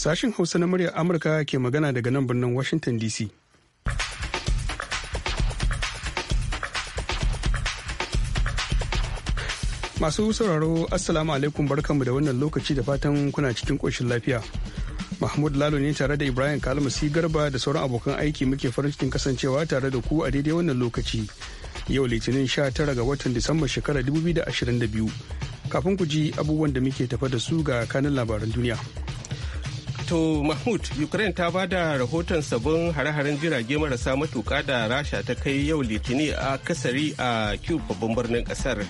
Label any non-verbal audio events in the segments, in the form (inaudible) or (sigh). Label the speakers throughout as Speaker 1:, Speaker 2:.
Speaker 1: Sashen Hausa na muryar Amurka ke magana daga nan birnin Washington DC. Masu sauraro Assalamu alaikum barkanmu da wannan lokaci da fatan kuna cikin ƙoshin lafiya. Mahmud Lalo ne tare da Ibrahim kalmus Garba da sauran abokan aiki muke farin cikin kasancewa tare da ku a daidai wannan lokaci. Yau Litinin sha tara ga watan Disamba shekarar 2022. Kafin ku ji abubuwan da muke tafa da su ga kanin labaran duniya.
Speaker 2: wato Mahmud, Ukraine ta ba da rahoton sabon hare-haren jirage marasa matuka da Rasha ta kai yau Litini a kasari a Cube babban birnin kasar.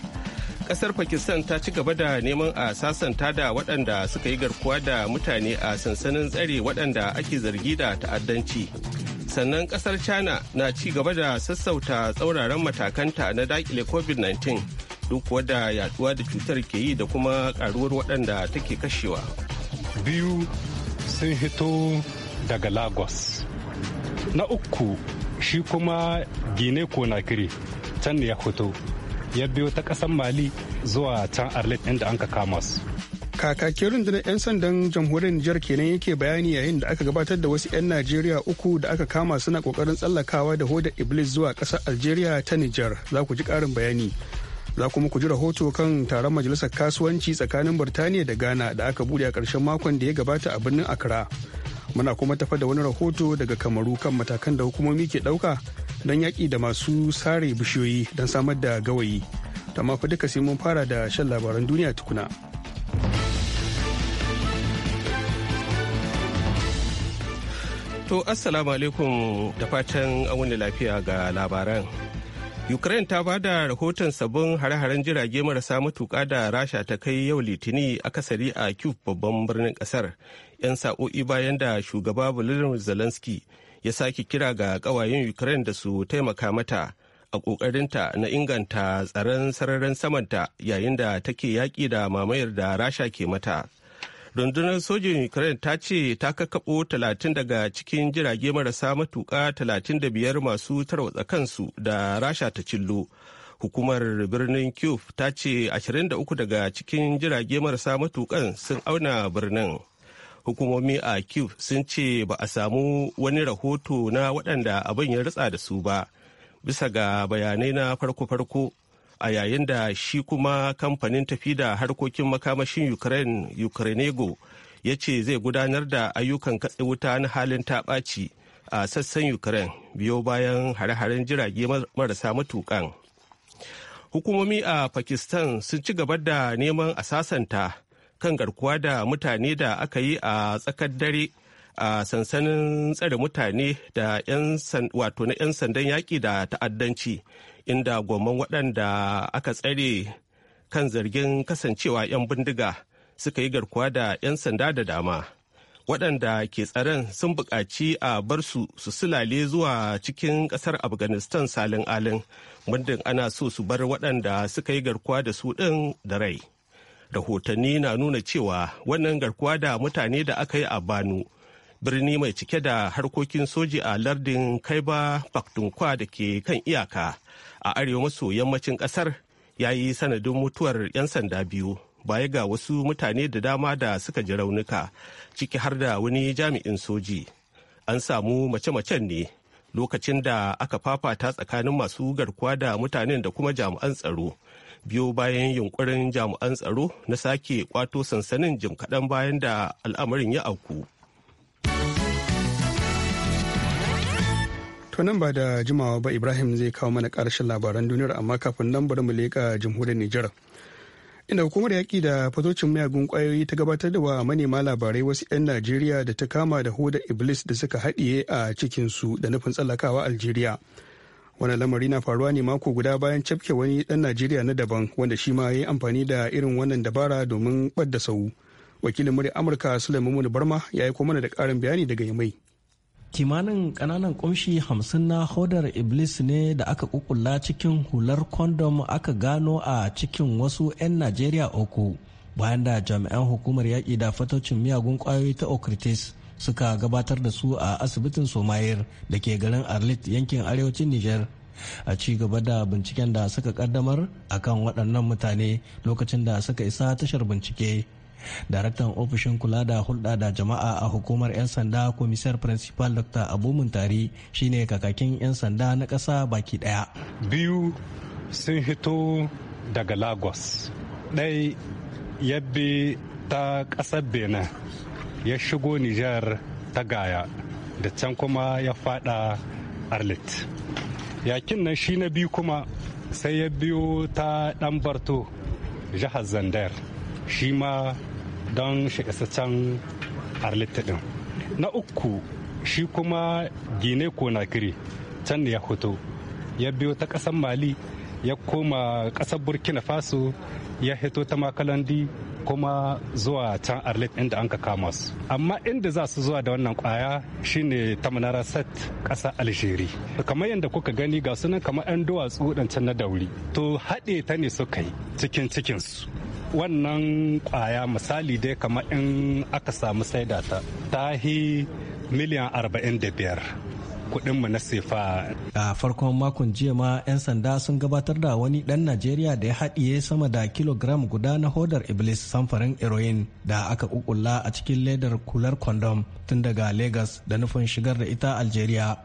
Speaker 2: Kasar Pakistan ta ci gaba da neman a sasanta da waɗanda suka yi garkuwa da mutane a sansanin tsare waɗanda ake zargi da ta'addanci. Sannan kasar China na ci gaba da sassauta tsauraran matakanta na dakile COVID-19 duk wadda yaduwa da cutar ke yi da kuma karuwar waɗanda take kashewa.
Speaker 3: Biyu sun hito daga lagos na uku shi kuma gine kiri can ne ya fito ya biyo ta kasan mali zuwa can arlet inda an ka kama su
Speaker 1: kakakin rundunar 'yan sandan jamhuriyar Nijar kenan yake bayani yayin da aka gabatar da wasu 'yan Najeriya uku da aka kama suna kokarin tsallakawa da hoda Iblis zuwa ƙasar Algeria ta Nijar. Za ku ji ƙarin bayani. za kuma ku ji rahoto kan taron majalisar kasuwanci tsakanin burtaniya da ghana da aka bude a ƙarshen makon da ya gabata a birnin accra muna kuma tafa da wani rahoto daga kamaru kan matakan da hukumomi ke ɗauka don yaƙi da masu sare bishiyoyi don samar da gawayi ta mafi duka sai mun fara da shan labaran duniya tukuna
Speaker 2: to assalamu alaikum da fatan an lafiya ga labaran Ukraine ta ba da rahoton sabbin hare-haren jirage marasa matuka da Rasha ta kai yau Litini akasari a Kyiv babban birnin kasar 'yan sa'o'i bayan da shugaba Volodymyr Zelensky ya sake kira ga ƙawayen Ukraine da su taimaka mata a kokarinta na inganta tsaron sararin samanta yayin da take yaƙi da mamayar da Rasha ke mata. rundunar sojin ukraine ta ce ta kakkaɓo 30 daga cikin jirage marasa matuƙa 35 masu tarwatsa kansu da rasha ta cillo hukumar birnin kyiv ta ce 23 daga cikin jirage marasa matukan sun auna birnin hukumomi a kyiv sun ce ba a samu wani rahoto na waɗanda abin ya ritsa da su ba bisa ga bayanai na farko-farko a yayin da shi kuma kamfanin tafi da harkokin makamashin ukraine ukrainego ya ce zai gudanar da ayyukan katse wuta na halin taɓaci a sassan ukraine biyo bayan hare-haren jirage marasa matukan hukumomi a pakistan sun ci gaba da neman a sasanta kan garkuwa da mutane da aka yi a tsakar dare a sansanin tsare mutane da wato na 'yan sandan yaƙi da ta'addanci inda goman waɗanda aka tsare kan zargin kasancewa 'yan bindiga suka yi garkuwa da 'yan sanda da dama waɗanda ke tsaron sun buƙaci a bar su su sulale zuwa cikin ƙasar afghanistan salin alin muddin ana so su bar waɗanda suka yi garkuwa da su ɗin da rai rahotanni na nuna cewa wannan garkuwa da mutane da aka yi a banu birni mai cike da harkokin soji a lardin kaiba faktunkwa da ke kan iyaka a arewa maso yammacin kasar ya yi sanadin mutuwar 'yan sanda biyu baya ga wasu mutane da dama da suka ji raunuka ciki har da wani jami'in soji an samu mace-macen ne lokacin da aka fafata tsakanin masu garkuwa da mutanen da kuma jami'an tsaro biyo bayan yunkurin jami'an tsaro na sake kwato sansanin jim kaɗan bayan da al'amarin ya auku.
Speaker 1: To nan ba da jimawa ba Ibrahim zai kawo mana karshen labaran duniyar amma kafin nan bari mu leƙa jamhuriyar Nijar. Inda hukumar yaƙi da fatocin miyagun ƙwayoyi ta gabatar da wa manema labarai wasu 'yan Najeriya da ta kama da hoda Iblis da suka haɗiye a cikinsu da nufin tsallakawa Algeria. Wani lamari na faruwa ne mako guda bayan cafke wani ɗan Najeriya na daban wanda shi ma ya yi amfani da irin wannan dabara domin ɓadda sau. Wakilin murya Amurka Sulaiman Barma ya yi mana da ƙarin bayani daga Yamai.
Speaker 4: kimanin kananan kunshi hamsin na hodar iblis ne da aka kukula cikin hular kondom aka gano a cikin wasu 'yan najeriya uku bayan da jami'an hukumar yaƙi da fatocin miyagun ƙwayoyi ta okritis suka gabatar da su a asibitin somayir da ke garin arlit yankin arewacin niger a ci gaba da binciken da suka kaddamar akan waɗannan mutane lokacin da suka isa tashar bincike daraktan ofishin kula da hulɗa da jama'a a hukumar 'yan sanda komisar principal dr abu muntari shine kakakin
Speaker 3: 'yan sanda na ƙasa baki ɗaya biyu sun hito daga lagos ɗai yabbi ta ƙasar benin ya shigo nijar ta gaya da can kuma ya faɗa arlit yakin nan shi na biyu kuma sai ya biyo ta ɗan barto jihar zandar shi ma don shigasaccen arlita din na uku shi kuma gine konakiri can ya hoto ya biyo ta ƙasar mali ya koma ƙasar burkina faso ya hito ta makalandi kuma zuwa can arlet inda an ka kama su amma inda za su zuwa da wannan kwaya shine ta manara set ƙasa Aljeri kamar yadda kuka gani ga sunan kamar 'yan duwatsu can na dauri to haɗe ta ne suka yi cikin cikinsu wannan kwaya misali dai kamar in aka samu saida ta ta hi miliyan 45 kudinmu na sefa.
Speaker 4: A farkon makon jiya ma 'yan sanda sun gabatar da wani dan Najeriya da ya haɗiye sama da kilogram guda na hodar Iblis samfarin heroin da aka kukulla a cikin ledar kular kondom tun daga Legas da nufin shigar da ita Algeria.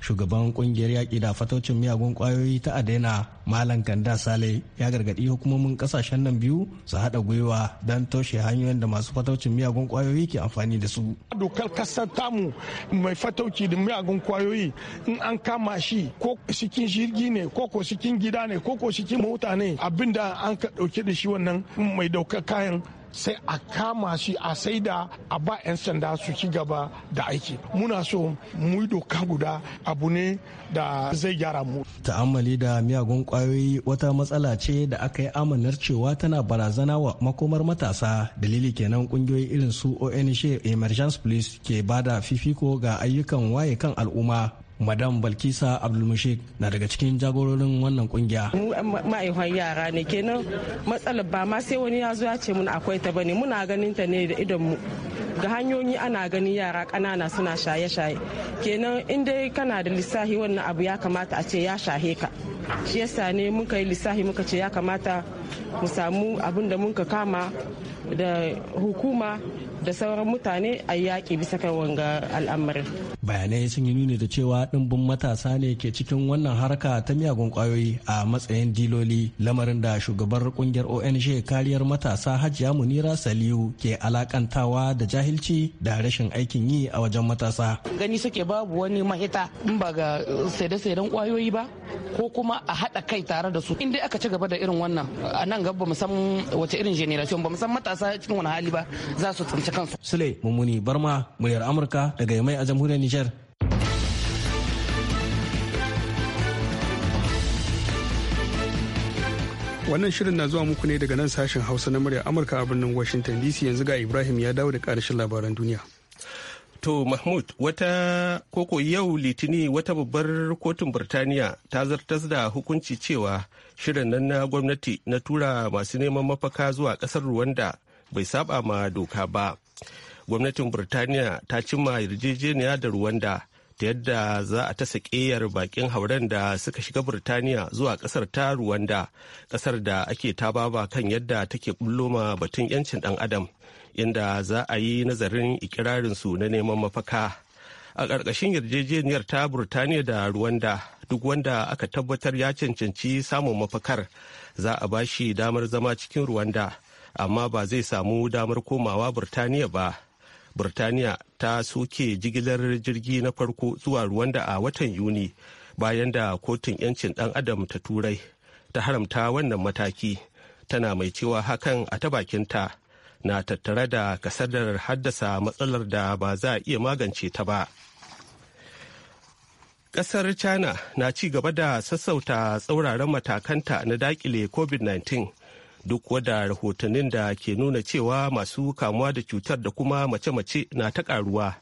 Speaker 4: shugaban kungiyar yaƙi da fataucin miyagun kwayoyi ta adena malam kanda sale ya gargaɗi hukumomin ƙasashen nan biyu su haɗa gwiwa don toshe hanyoyin da masu fataucin miyagun kwayoyi ke
Speaker 1: amfani da su dokar kasar tamu mai fatauci da miyagun kwayoyi in an kama shi ko cikin jirgi ne ko ko cikin gida ne ko ko cikin mota ne abinda an ka ɗauke da shi wannan mai ɗaukar kayan sai a kama shi a saida a ba 'yan sanda su ci gaba da aiki muna so mu yi doka guda abu ne da zai gyara mu
Speaker 4: ta'ammali da miyagun kwayoyi wata matsala ce da aka yi amanar cewa tana barazana wa makomar matasa dalili kenan kungiyoyi irin su onc emergence police ke bada fifiko ga ayyukan waye kan al'umma madam balkisa abdulmashik na daga cikin jagororin wannan kungiya
Speaker 2: mu yara ne kenan matsalar ba ma sai wani ya zo ya ce mun akwai ta bane muna ganin ta ne da idonmu ga hanyoyi ana ganin yara kanana suna shaye-shaye kenan in dai kana da lissahi wannan abu ya kamata a ce ya shahe ka shi yasa ne muka yi lissahi muka ce ya kamata mu samu abin da muka kama da hukuma da sauran mutane a yaƙi bisa kan wanga al'amarin.
Speaker 4: bayanai sun yi nuni da cewa ɗimbin matasa ne ke cikin wannan harka ta miyagun kwayoyi a matsayin diloli lamarin da shugabar kungiyar ong kariyar matasa hajiya munira saliu ke alakantawa da jahilci da rashin aikin yi a wajen matasa gani suke babu wani mahita in ba ga saide-saiden ƙwayoyi ba ko kuma a haɗa kai tare da su in dai aka ci gaba da irin wannan a nan gaba mu san wace irin generation ba mu san matasa cikin wani hali ba za su tsinci kansu sule mummuni barma muryar amurka daga yamai a jamhuriyar nijar.
Speaker 1: wannan shirin na zuwa muku ne daga nan sashen hausa na muryar amurka a birnin washington dc yanzu ga ibrahim ya dawo da karashin labaran
Speaker 2: duniya to mahmud wata koko yau litini wata babbar kotun birtaniya ta zartas da hukunci cewa shirin nan na gwamnati na tura masu neman mafaka zuwa kasar rwanda bai saba ma doka ba gwamnatin burtaniya ta cimma yarjejeniya da ruwanda ta yadda za a ta sakeyar bakin hauren da suka shiga burtaniya zuwa kasar ta ruwanda kasar da ake tababa kan yadda take bullo ma batun yancin dan adam inda za a yi nazarin ikirarin su na neman mafaka a ƙarƙashin yarjejeniyar ta burtaniya da ruwanda duk wanda aka tabbatar ya cancanci samun mafakar za a ba shi damar zama cikin ruwanda amma ba zai samu damar komawa burtaniya ba burtaniya ta soke jigilar jirgi na farko zuwa ruwanda a watan yuni bayan da kotun 'yancin dan adam ta turai ta haramta wannan mataki tana mai cewa hakan a ta bakinta na tattare da kasadar haddasa matsalar da ba za a iya magance ta ba kasar china na ci gaba da sassauta tsauraran matakanta na dakile covid-19 duk wada rahotannin da ke nuna cewa masu kamuwa da cutar da kuma mace-mace na ta karuwa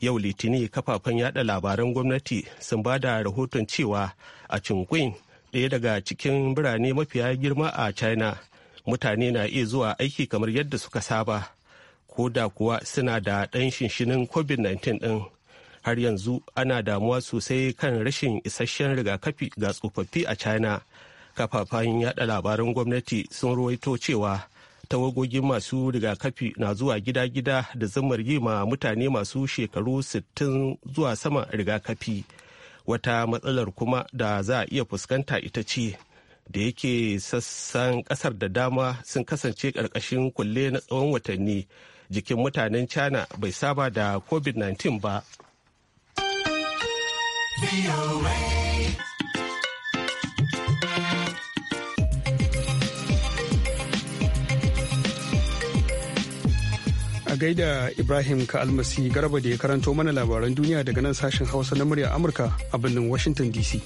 Speaker 2: yau litini kafafen yada labaran gwamnati sun ba da rahoton cewa a cinkwin ɗaya daga cikin birane mafiya girma a china mutane na iya zuwa aiki kamar yadda suka saba ko da kuwa suna da ɗan shinshinin covid-19 ɗin har yanzu ana damuwa sosai kan rashin isasshen rigakafi ga tsofaffi a china kafafen yada labaran gwamnati sun ruwaito cewa tawagogin masu rigakafi na zuwa gida-gida da zamar yi ma mutane masu shekaru 60 zuwa sama rigakafi wata matsalar kuma da za a iya fuskanta ita ce da yake sassan kasar da dama sun kasance ƙarƙashin kulle na tsawon watanni jikin mutanen china bai saba da covid-19 ba.
Speaker 1: gaida Ibrahim ka almasi garba da ya karanto mana labaran duniya daga nan sashen Hausa na murya Amurka a birnin Washington DC.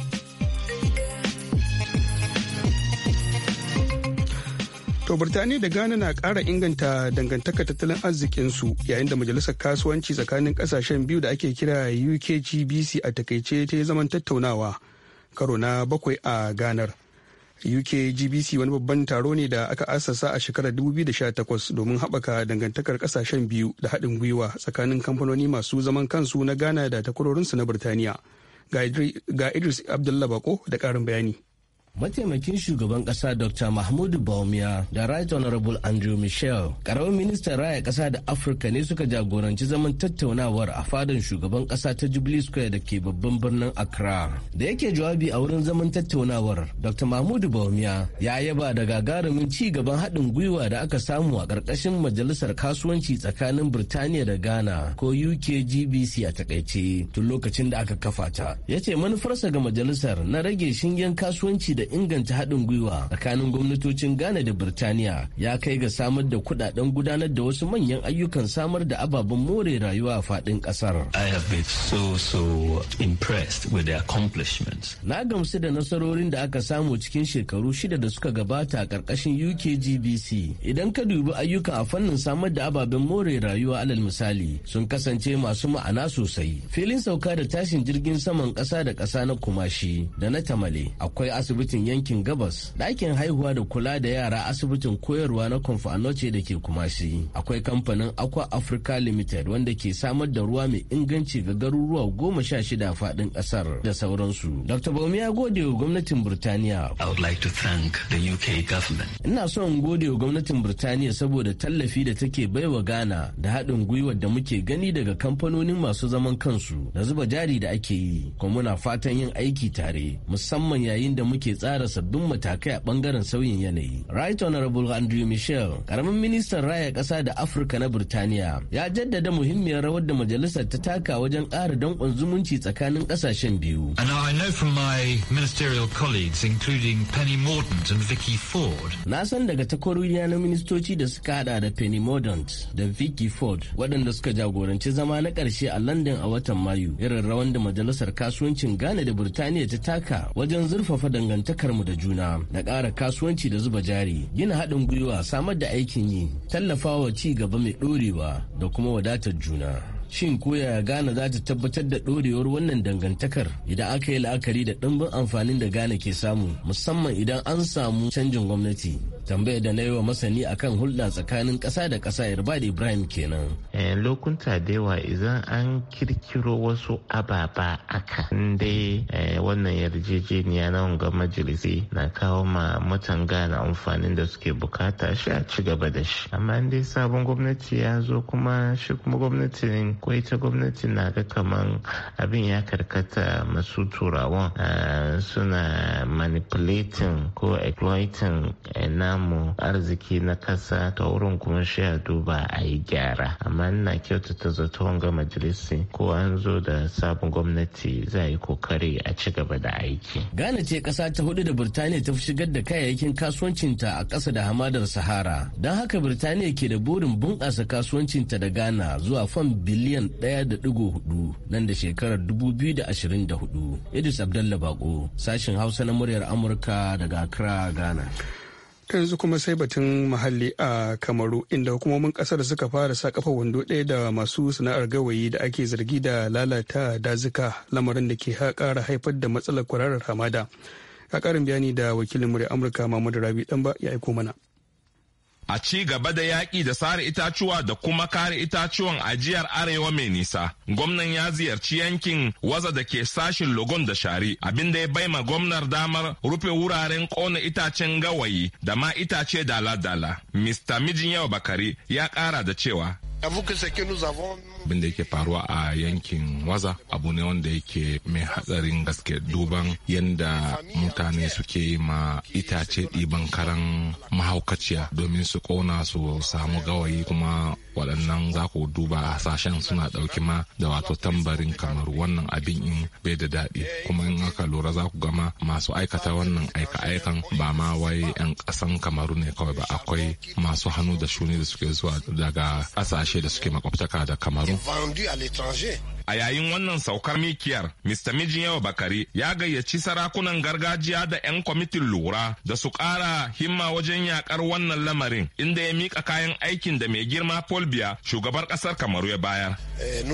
Speaker 1: To Birtaniya da Ghana na kara inganta dangantaka tattalin arzikinsu yayin da majalisar kasuwanci tsakanin ƙasashen biyu da ake kira UKGBC a takaice ta yi zaman tattaunawa karo na bakwai a ganar. gbc wani babban taro ne da aka assasa a shekarar 2018 domin haɓaka dangantakar ƙasashen biyu da haɗin gwiwa tsakanin kamfanoni masu zaman kansu na ghana da takwarorinsu na birtaniya ga idris abdullah bako da ƙarin bayani mataimakin shugaban kasa dr mahmudu
Speaker 5: Baumia da right honorable andrew michel karamin ministan raya kasa da afirka ne suka jagoranci zaman tattaunawar a fadan shugaban kasa ta jubilee square da ke babban birnin accra da yake jawabi a wurin zaman tattaunawar dr mahmudu Baumia ya yaba da gagarumin ci gaban haɗin gwiwa da aka samu a ƙarƙashin majalisar kasuwanci tsakanin birtaniya da ghana ko ukgbc a takaice tun lokacin da aka kafa ta ya ce manufarsa ga majalisar na rage shingen kasuwanci da da inganta haɗin gwiwa tsakanin gwamnatocin Ghana da Birtaniya ya kai ga samar da kuɗaɗen gudanar da wasu manyan ayyukan samar da ababen more rayuwa a faɗin ƙasar. I have been Na gamsu da nasarorin da aka samu cikin shekaru shida da suka gabata a ƙarƙashin UKGBC. Idan ka dubi ayyuka a fannin samar da ababen more rayuwa alal misali sun kasance masu ma'ana sosai. Filin sauka da tashin jirgin saman ƙasa da ƙasa na Kumashi da na Tamale akwai asibiti asibitin yankin gabas ɗakin haihuwa da kula da yara asibitin koyarwa na noce da ke Kumasi. Akwai kamfanin Aqua Africa Limited wanda ke samar da ruwa mai inganci ga garuruwa goma sha shida faɗin ƙasar da sauransu. Dr. Baumi ya gode wa gwamnatin Burtaniya. Ina so in gode wa gwamnatin birtaniya saboda tallafi da take baiwa Ghana da haɗin gwiwar da muke gani daga kamfanonin masu zaman kansu na zuba jari da ake yi. Kuma muna fatan yin aiki tare musamman yayin da muke tsara sabbin matakai a bangaren sauyin yanayi. Right Honorable Andrew Michel, karamin ministan raya kasa da Afirka na Burtaniya, ya jaddada muhimmiyar rawar da majalisar ta taka wajen ƙara danƙon zumunci tsakanin ƙasashen biyu. And
Speaker 6: I ministerial colleagues including
Speaker 5: Na san daga takwaroriya na ministoci da suka hada da Penny Mordaunt da Vicky Ford waɗanda suka jagoranci zama na ƙarshe a London a watan Mayu irin rawar da majalisar kasuwancin Ghana da Burtaniya ta taka wajen zurfafa dangantaka dangantakarmu da juna da ƙara kasuwanci da zuba jari gina haɗin gwiwa samar da aikin yi tallafawa ci gaba mai ɗorewa da kuma wadatar juna. shin koya ghana za ta tabbatar da ɗorewar wannan dangantakar idan aka yi la'akari da ɗimbin amfanin da ghana ke samu musamman idan an samu canjin gwamnati tambayar da na yi wa masani akan hulɗa tsakanin ƙasa da ƙasa irbad ibrahim kenan
Speaker 7: eh, lokunta da yawa idan an kirkiro wasu ababa aka dai eh, wannan yarjejeniya na wanga majalisi na kawo ma mutan ghana amfanin da suke bukata shi a ci gaba da shi amma in dai sabon gwamnati ya zo kuma shi kuma gwamnatin akwai ta gwamnati na ga kaman abin ya karkata masu turawan eh, suna manipulating ko exploiting eh, namu arziki na kasa ta wurin kuma shi duba a yi gyara amma ina kyautata zaton ga majalisi ko an zo da sabon gwamnati za a yi kokari a ci gaba da aiki
Speaker 5: ghana ce kasa ta hudu da birtaniya ta fi shigar da kayayyakin kasuwancinta a ƙasa da hamadar sahara don haka birtaniya ke da burin bunƙasa kasuwancinta da ghana zuwa fam biliyan ɗigo 1.4 nan da shekarar 2024. Idris abdullahi Bako, sashen Hausa na muryar Amurka daga Accra,
Speaker 1: Ghana. ta yanzu kuma sai batun muhalli a kamaru inda hukumomin kasar suka fara sa kafa wando ɗaya da masu sana'ar gawayi da ake zargi da lalata dazuka lamarin da ke ƙara haifar da matsalar kwararar hamada a ƙarin bayani da wakilin murya amurka mamadu rabi ɗan ba ya aiko mana
Speaker 8: a ci gaba da yaƙi da sare itacuwa da kuma kare itacuwan ajiyar arewa mai nisa. Gwamnan ya ziyarci yankin waza da ke sashin Logon da Shari, abinda ya bai ma gwamnar damar rufe wuraren ƙona itacen gawayi da ma itace dala-dala. Mr. Mijin Yawa Bakari ya ƙara da cewa
Speaker 9: Abin da yake faruwa a yankin Waza abu ne wanda yake mai hatsarin gaske duban yadda mutane suke yi ma itace ɗiban karan mahaukaciya domin su kona su samu gawayi kuma waɗannan za ku duba hasashen suna ɗauki ma da wato tambarin kamar wannan abin in bai da daɗi kuma in aka lura za ku gama masu aikata wannan aika-aikan ba ma wai 'yan ƙasan kamaru ne kawai ba akwai masu hannu da shuni da suke zuwa daga ƙasashe kasashe da suke makwabtaka da kamaru
Speaker 8: A yayin wannan saukar mikiyar, Mr. Mijinyawa Bakari ya gayyaci sarakunan gargajiya da 'yan kwamitin lura da su ƙara himma wajen yakar wannan lamarin inda ya mika kayan aikin da mai girma Paul Biya shugabar ƙasar Kamaru ya bayar.
Speaker 10: Eh,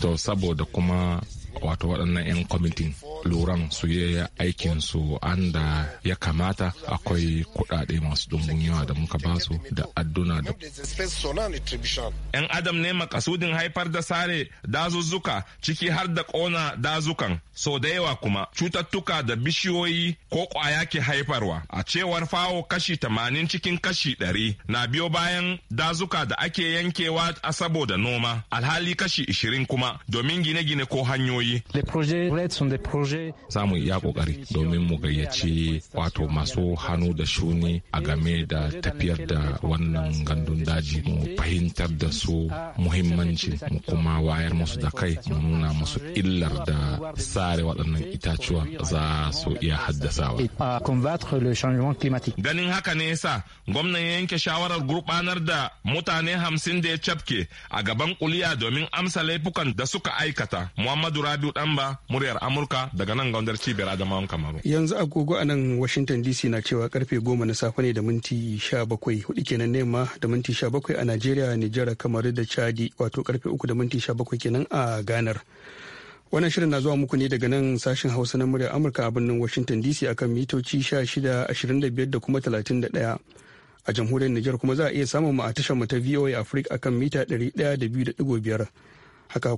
Speaker 9: to saboda kuma wato waɗannan 'yan kwamitin luran su yi aikin su an da ya kamata akwai kuɗaɗe masu dumbun yawa da muka basu da adduna da
Speaker 8: yan adam ne makasudin haifar da sare dazuzzuka ciki har da ƙona dazukan so da yawa kuma cutattuka da bishiyoyi ko ƙwaya ke haifarwa a cewar fawo kashi tamanin cikin kashi ɗari na biyo bayan dazuka da ake yankewa a saboda noma alhali kashi ishirin kuma domin gine-gine ko hanyoyi. Les projets
Speaker 9: za mu iya kokari domin mu gayyaci wato masu hannu da shuni a game da tafiyar da wannan gandun daji mu fahimtar da su muhimmanci mu kuma wayar musu da kai mu nuna musu illar da sare waɗannan itacuwa za su iya haddasawa.
Speaker 8: Ganin haka ne yasa gwamnan ya yanke shawarar gurbanar da mutane hamsin da ya cafke a gaban kuliya domin amsa laifukan da suka aikata. Muhammadu Rabiu Ɗanba, muryar Amurka daga nan gaundar cibiyar adamawan kamaru
Speaker 1: yanzu agogo a nan washington dc na cewa karfe goma na safe ne da minti sha bakwai hudu kenan nema da minti sha bakwai a nigeria nijar kamaru da chadi wato karfe uku da minti sha bakwai kenan a ganar wannan shirin na zuwa muku ne daga nan sashen hausa na murya amurka a birnin washington dc akan mitoci 16 25 da kuma daya a jamhuriyar nijar kuma za a iya samun mu a tashar mu ta voa africa akan mita biyar haka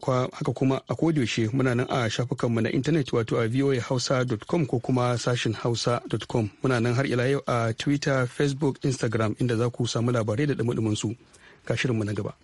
Speaker 1: kuma a kodiyoshe muna nan a shafukanmu na intanet wato a voahausa.com ko kuma sashin hausa.com muna nan har ila yau a twitter facebook instagram inda za ku samu labarai da dumudumin su ga shirinmu na gaba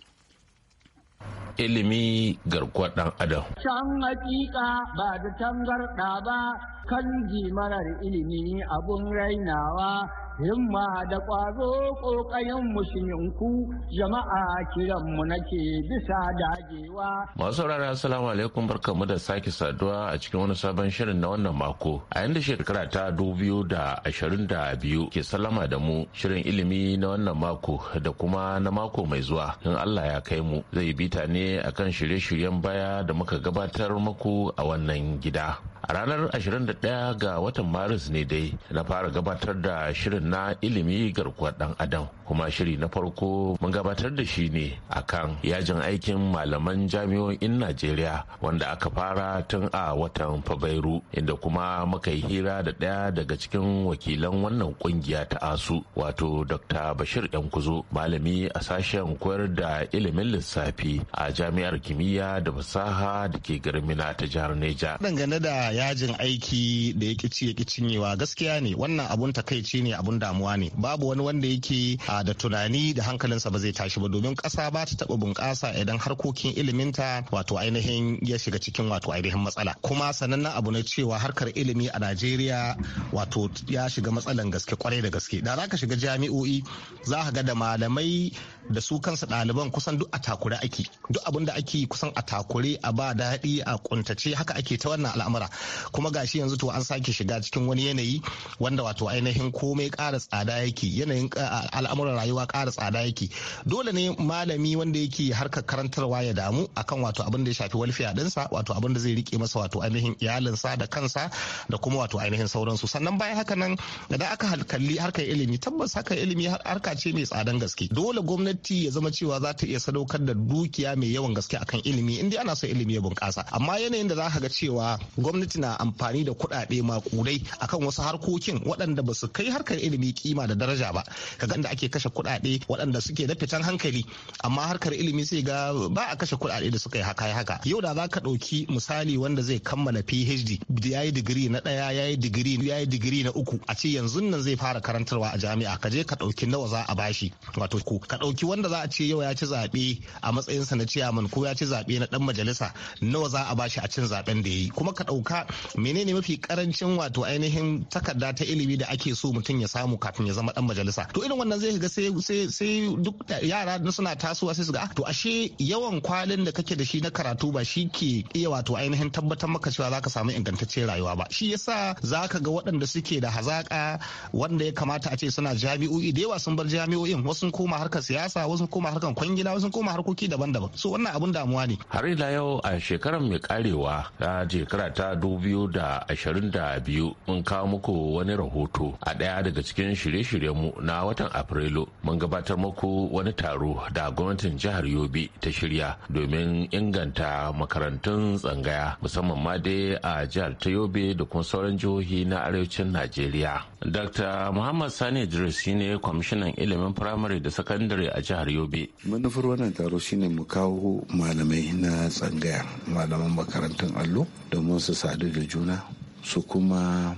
Speaker 7: ilimi garkuwar dan adam
Speaker 5: can hakika ba da
Speaker 4: tangarda ba kanji marar ilimi abun rainawa himma da ƙwazo ƙoƙayen musulminku jama'a kiranmu nake bisa dagewa.
Speaker 7: Masu saurara assalamu alaikum barkamu da sake saduwa a cikin wani sabon shirin na wannan mako. A yanda shekara ta dubu da ashirin da biyu ke sallama da mu shirin ilimi na wannan mako da kuma na mako mai zuwa in Allah ya kai mu zai bita ne akan shirye-shiryen baya da muka gabatar muku a wannan gida. a ranar 21 ga watan maris ne dai na fara gabatar da shirin na ilimi garkuwar dan adam kuma shiri na farko mun gabatar da shi ne a kan yajin aikin malaman jami'o'in najeriya wanda aka fara tun a watan fabairu inda kuma muka yi hira da ɗaya daga cikin wakilan wannan kungiya ta asu wato dr bashir yankuzo malami a sashen koyar da ilimin lissafi a jami'ar kimiyya da fasaha da ke garin ta jihar neja dangane
Speaker 10: da yajin aiki da ya kici ya cinyewa gaskiya ne wannan abun takaici ne abun damuwa ne babu wani wanda yake da tunani da hankalinsa ba zai tashi ba domin kasa ba ta taɓa bunƙasa idan harkokin iliminta wato ainihin ya shiga cikin wato ainihin matsala kuma sanannen abu na cewa harkar ilimi a Najeriya wato ya shiga matsalan gaske kwarai da gaske da za ka shiga jami'o'i za ka ga da malamai da su kansu ɗaliban kusan duk a takure ake duk abin da ake kusan a takure a ba daɗi a kuntace haka ake ta wannan al'amura kuma gashi yanzu to an sake shiga cikin wani yanayi wanda wato ainihin komai ƙara tsada yake yanayin al'amuran rayuwa ƙara tsada yake dole ne malami wanda yake harkar karantarwa ya damu akan wato abin da ya shafi walfiya ɗinsa wato abin da zai rike masa wato ainihin iyalinsa da kansa da kuma wato ainihin sauransu sannan bayan haka nan idan aka kalli harkar ilimi tabbas haka ilimi harka ce mai tsadan gaske dole gwamnati ya zama cewa za ta iya sadaukar da dukiya mai yawan gaske akan ilimi in ana so ilimi ya bunƙasa amma yanayin da za ka ga cewa gwamnati gwamnati na amfani da kuɗaɗe makurai akan wasu harkokin waɗanda ba su kai harkar ilimi kima da daraja ba ka kaga inda ake kashe kuɗaɗe waɗanda suke da fitan hankali amma harkar ilimi sai ga ba a kashe kuɗaɗe da suka yi haka haka yau da za ka ɗauki misali wanda zai kammala PhD ya yi digiri na ɗaya ya yi digiri ya yi digiri na uku a ce yanzu nan zai fara karantarwa a jami'a ka je ka ɗauki nawa za a bashi wato ko ka ɗauki wanda za a ce yau ya ci zaɓe a matsayinsa na ciyaman ko ya ci zaɓe na ɗan majalisa nawa za a bashi a cin zaɓen da ya kuma ka ɗauka menene mafi karancin wato ainihin takarda ta ilimi da ake so mutum ya samu kafin ya zama dan majalisa to irin wannan zai ga sai sai sai duk yara suna tasowa sai su ga ah, to ashe yawan kwalin da kake da shi na karatu ba shi ke iya wato ainihin tabbatar maka cewa zaka samu ingantaccen rayuwa ba shi yasa zaka ga waɗanda suke da hazaka wanda ya kamata a ce suna jami'o'i da yawa sun bar jami'o'in wasu koma harkar siyasa wasu koma harkar kwangila wasu koma harkoki daban-daban so wannan abun damuwa ne
Speaker 7: har ila yau a shekarar mai karewa ta shekara ta 2022 mun kawo muku wani rahoto a ɗaya daga cikin shirye-shiryenmu na watan Afrilu mun gabatar muku wani taro da gwamnatin jihar Yobe ta shirya domin inganta makarantun tsangaya musamman ma dai a jihar ta Yobe da kuma sauran jihohi na arewacin Najeriya. Dr. Muhammad Sani Idris shine kwamishinan ilimin firamare da sakandare a jihar Yobe.
Speaker 6: Manufar wannan taro shine mu kawo malamai na tsangaya malaman makarantun allo domin su sa haɗu da juna su kuma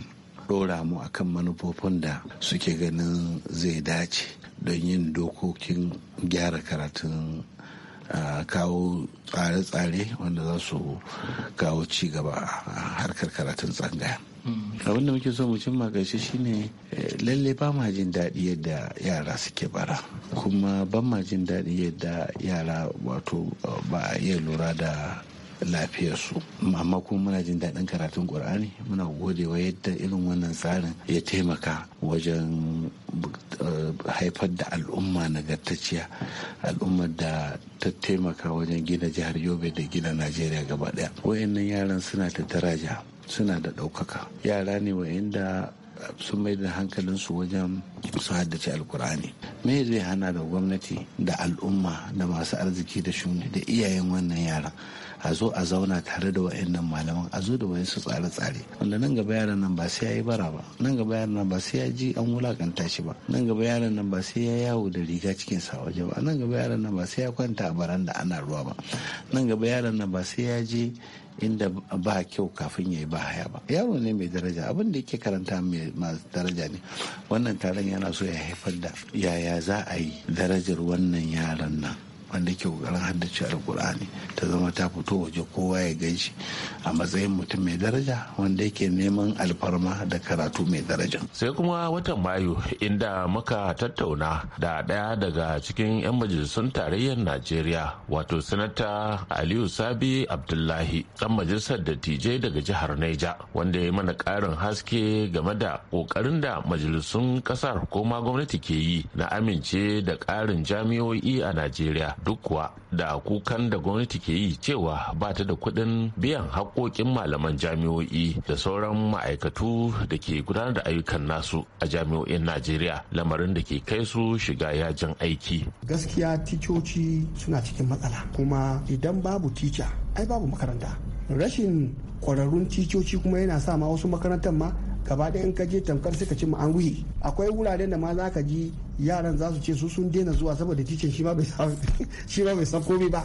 Speaker 6: ɗora mu akan manufofin da suke ganin zai dace don yin dokokin gyara karatun kawo tsare-tsare wanda za su kawo ci gaba a harkar karatun tsangaya. Mm. abin da muke so mu cimma gashi shine eh, lalle ba ma jin daɗi yadda yara suke bara kuma ban ma jin daɗi yadda yara wato eh, ba a iya lura da lafiyarsu amma kuma muna jin daɗin karatun ƙur'ani muna godewa yadda irin wannan tsarin ya taimaka wajen eh, haifar da al'umma nagartacciya al'umma da ta taimaka wajen gina jihar yobe da gina najeriya gaba ɗaya wayannan yaran suna da daraja suna da ɗaukaka yara ne wayanda sun mai da hankalinsu wajen su haddace alkur'ani me zai hana da gwamnati da al'umma da masu arziki da shuni da iyayen wannan yaran a zo a zauna tare da wa'annan malaman a zo da wayansu tsare-tsare wanda nan gaba yaran nan ba sai ya yi bara ba nan gaba yaran nan ba sai ya ji an wulakanta shi ba nan gaba yaran nan ba sai ya yawo da riga cikin sa waje ba nan gaba yaran nan ba sai ya kwanta a baranda ana ruwa ba nan gaba yaran nan ba sai ya je inda ba kyau kafin ya yi ba haya ba yaro ne mai daraja abin da yake karanta mai daraja ne wannan taron yana so ya haifar da yaya za a yi darajar wannan yaran nan wanda ke kokarin haddace alkur'ani ta zama ta fito waje kowa ya gan shi a matsayin mutum mai daraja wanda yake neman alfarma da karatu mai daraja
Speaker 7: sai kuma watan mayu inda muka tattauna da ɗaya daga cikin 'yan majalisun tarayyar najeriya wato sanata aliyu sabi abdullahi ɗan majalisar dattijai daga jihar neja wanda ya mana ƙarin haske game da ƙoƙarin da majalisun ƙasar ko ma gwamnati ke yi na amince da ƙarin jami'o'i a najeriya duk kuwa da kukan da gwamnati ke yi cewa ba ta da kuɗin biyan haƙoƙin malaman jami'o'i da sauran ma'aikatu da ke gudanar da ayyukan nasu a jami'o'in najeriya lamarin da ke kai su shiga yajin aiki
Speaker 1: gaskiya ticoci suna cikin matsala kuma idan babu tica ai babu makaranta rashin kwararrun ticoci kuma yana sa ma wasu makarantar ma gaba ɗaya in ka je tamkar sai ka ci an akwai wuraren da ma za ka ji yaran za su ce su sun daina zuwa saboda titin (laughs) shi ma bai san komai ba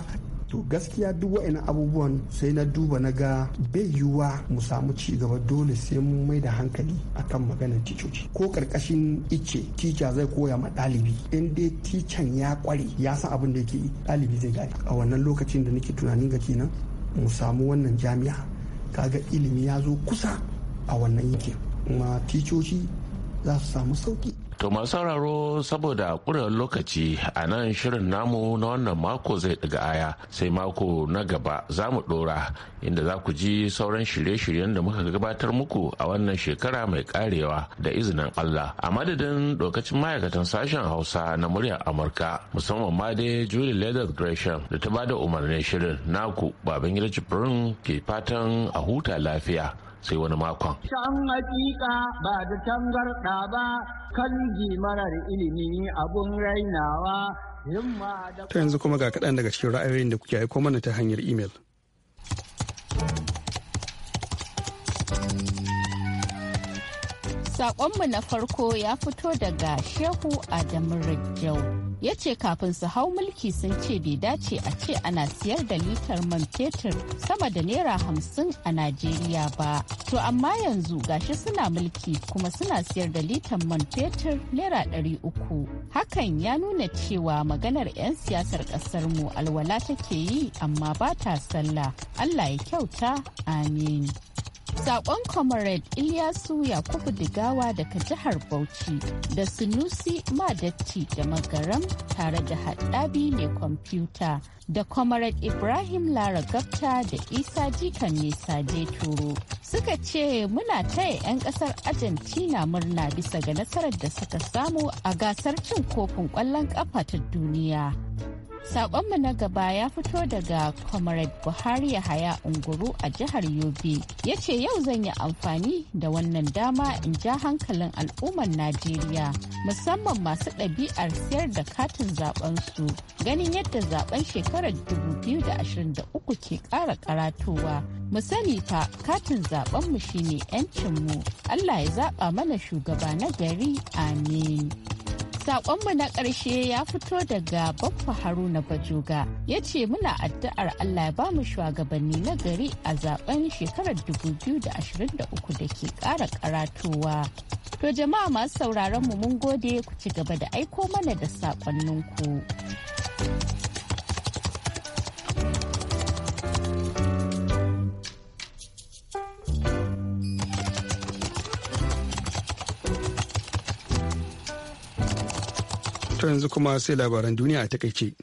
Speaker 1: to gaskiya duk wa'annan abubuwan sai na duba na ga bai yiwuwa mu samu ci gaba dole sai mun mai da hankali akan maganar ticoci ko karkashin ice tica zai koya ma ɗalibi in dai tican ya kware ya san abin da yake yi ɗalibi zai gane a wannan lokacin da nake tunanin ga kenan mu samu wannan jami'a kaga ilimi ya zo kusa a wannan yankin kuma ticoci za su samu sauki
Speaker 7: To masu sauraro saboda ƙuran lokaci a nan shirin namu na wannan mako zai ɗiga aya sai mako na gaba za mu ɗora inda za ku ji sauran shirye-shiryen da muka gabatar muku a wannan shekara mai karewa da izinin Allah. A madadin lokacin ma'aikatan sashen Hausa na muryar Amurka musamman ma dai Julie Leather Gresham da ta bada umarnin shirin naku Babangida Jibrin ke fatan a huta lafiya. sai wani makon.
Speaker 5: Shan hakika ba da tangarɗa ba kan marar ilimi abun rainawa. Ta yanzu
Speaker 1: kuma ga kaɗan daga cikin ra'ayoyin da kuke aiko mana ta hanyar imel.
Speaker 11: Saƙonmu na farko ya fito daga Shehu Adamu Rajau. ya ce kafin su hau mulki sun ce bai dace a ce ana siyar da litar man fetur sama da naira hamsin a najeriya ba to amma yanzu gashi suna mulki kuma suna siyar da litar man fetur naira ɗari uku hakan ya nuna cewa maganar 'yan siyasar ƙasar mu alwala take yi amma ba ta sallah allah ya kyauta amin Sakon Comrade Ilyasu Yakubu Digawa daga jihar Bauchi da Sunusi Madatti da Magaram tare da haɗabi ne kwamfuta da Comrade Ibrahim Lara Gafta da Isa Jikan Nisa Turo suka ce muna taya 'yan kasar Argentina murna bisa ga nasarar da suka samu a gasar cin kofin kwallon kafa ta duniya. saƙonmu na gaba ya fito daga Comrade Buhari Yahaya Unguru a jihar Yobe. Ya ce yau zan yi amfani da wannan dama in ja hankalin al'ummar Najeriya musamman masu ɗabi'ar siyar da katin su ganin yadda zaben shekarar 2023 ke ƙara karatowa. Mu sani fa katin mu shine 'yancinmu. Allah ya zaɓa mana shugaba na gari. Amin. Sakonmu na ƙarshe ya fito daga Baffa Haruna Bajoga ya ce muna addu'ar Allah ya ba mu shugabanni na gari a zaben shekarar 2023 da ke ƙara karatowa. To jama'a masu sauraron mu mun gode ku ci gaba da aiko mana da sakonninku.
Speaker 1: To yanzu kuma sai labaran duniya a takaice.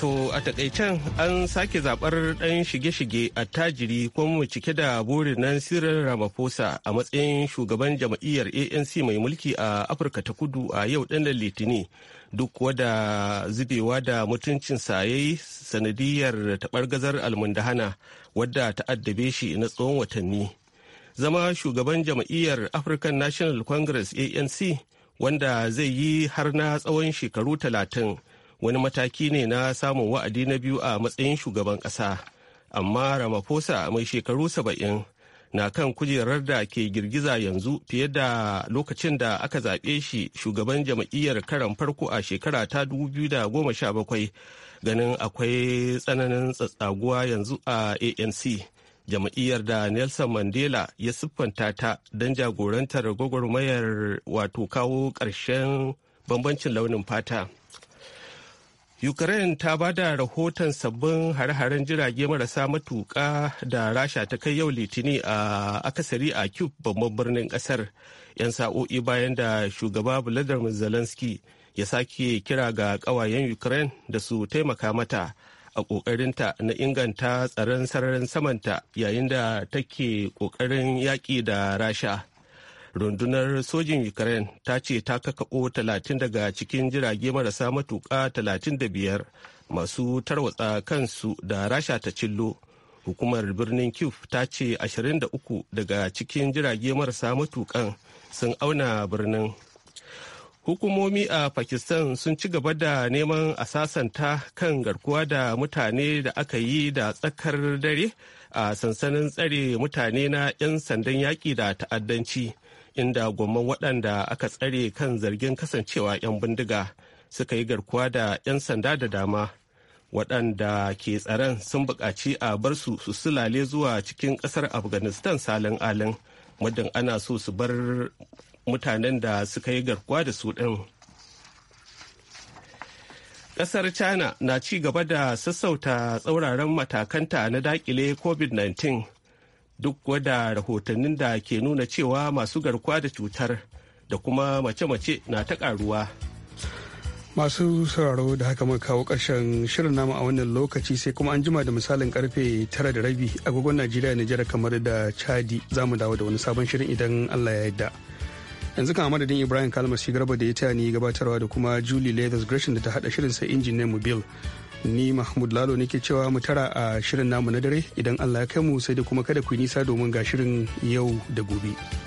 Speaker 2: To a takaicen an sake zabar ɗan shige-shige a tajiri ko mu cike da burin nan Cyril Ramaphosa a matsayin shugaban jam'iyyar ANC mai mulki a Afirka ta kudu a yau ɗan litini duk kuwa zubewa da mutuncinsa ya yi sanadiyar taɓar gazar almundahana wadda ta addabe shi na tsawon watanni. zama shugaban jam'iyyar African National Congress ANC wanda zai yi har na tsawon shekaru talatin wani mataki ne na samun wa'adi na biyu a matsayin shugaban ƙasa. Amma Ramaphosa mai shekaru saba'in na kan kujerar da ke girgiza yanzu fiye da lokacin da aka zaɓe shi shugaban jam'iyyar karan farko a shekara ta 2017 ganin akwai tsananin tsatsaguwa yanzu a anc jam'iyyar da nelson mandela ya siffanta ta don jagorantar gwagwarmayar wato kawo ƙarshen bambancin launin fata ukraine ta ba da rahoton sabbin hare-haren jirage marasa matuƙa da rasha ta kai yau litini a akasari a cube babban birnin ƙasar 'yan sa'o'i bayan da shugaba vladimir zelensky ya sake kira ga ƙawayen ukraine da su taimaka mata a ƙoƙarinta na inganta tsaron sararin samanta yayin da take ƙoƙarin yaƙi da rasha rundunar sojin ukraine ta ce ta kakaɓo 30 daga cikin jirage marasa matuƙa 35 masu tarwatsa kansu da rasha ta cillo hukumar birnin kyiv ta ce 23 daga cikin jirage marasa matuƙan sun auna birnin hukumomi a pakistan sun ci gaba da neman a sasanta kan garkuwa da mutane da aka yi da tsakar dare a sansanin tsare mutane na 'yan sandan yaƙi da ta'addanci inda gwamman waɗanda aka tsare kan zargin kasancewa 'yan bindiga suka yi garkuwa da 'yan sanda da dama waɗanda ke tsaron sun buƙaci a bar su su sulale zuwa cikin ƙasar afghanistan salin alin muddin ana so su bar mutanen da suka yi garkuwa da su ɗin. Ƙasar China na ci gaba da sassauta tsauraran matakanta na dakile COVID-19 duk wada rahotannin da ke nuna cewa masu garkuwa da cutar da kuma mace-mace na ta ƙaruwa.
Speaker 1: masu sauraro da haka muka kawo ƙarshen shirin namu a wannan lokaci sai kuma an jima da misalin karfe tara da rabi agogon najeriya nijar kamar da chadi za mu dawo da wani sabon shirin idan allah ya yarda yanzu kan madadin ibrahim kalmar shi garba da ya ta ni gabatarwa da kuma julie leathers gresham da ta hada shirin sa injin na mobil ni mahmud lalo ke cewa mu tara a shirin namu na dare idan allah ya kai mu sai da kuma kada ku yi nisa domin ga shirin yau da gobe.